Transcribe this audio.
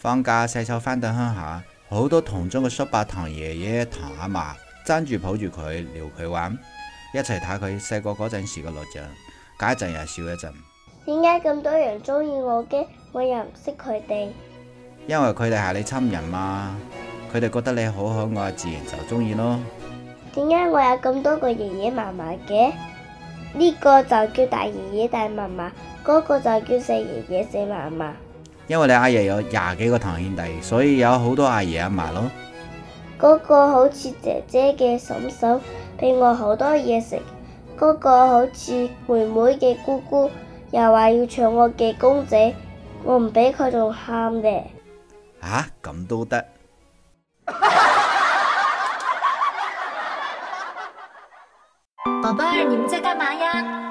放假細手返到鄉下，好多同宗嘅叔伯爺爺、堂爺爺、堂阿嫲，爭住抱住佢，撩佢玩，一齊睇佢細個嗰陣時嘅錄像，隔一陣又笑一陣。點解咁多人中意我嘅？我又唔識佢哋。因為佢哋係你親人嘛，佢哋覺得你好可愛我自然就中意咯。點解我有咁多個爺爺嫲嫲嘅？呢、這個就叫大爺爺大嫲嫲，嗰、那個就叫細爺爺細嫲嫲。因為你阿爺有廿幾個堂兄弟，所以有好多阿爺阿嫲咯。嗰個好似姐姐嘅嬸嬸俾我好多嘢食，嗰個好似妹妹嘅姑姑又話要搶我嘅公仔，我唔俾佢仲喊嘅。啊，咁都得。寶寶，你們在幹嘛呀？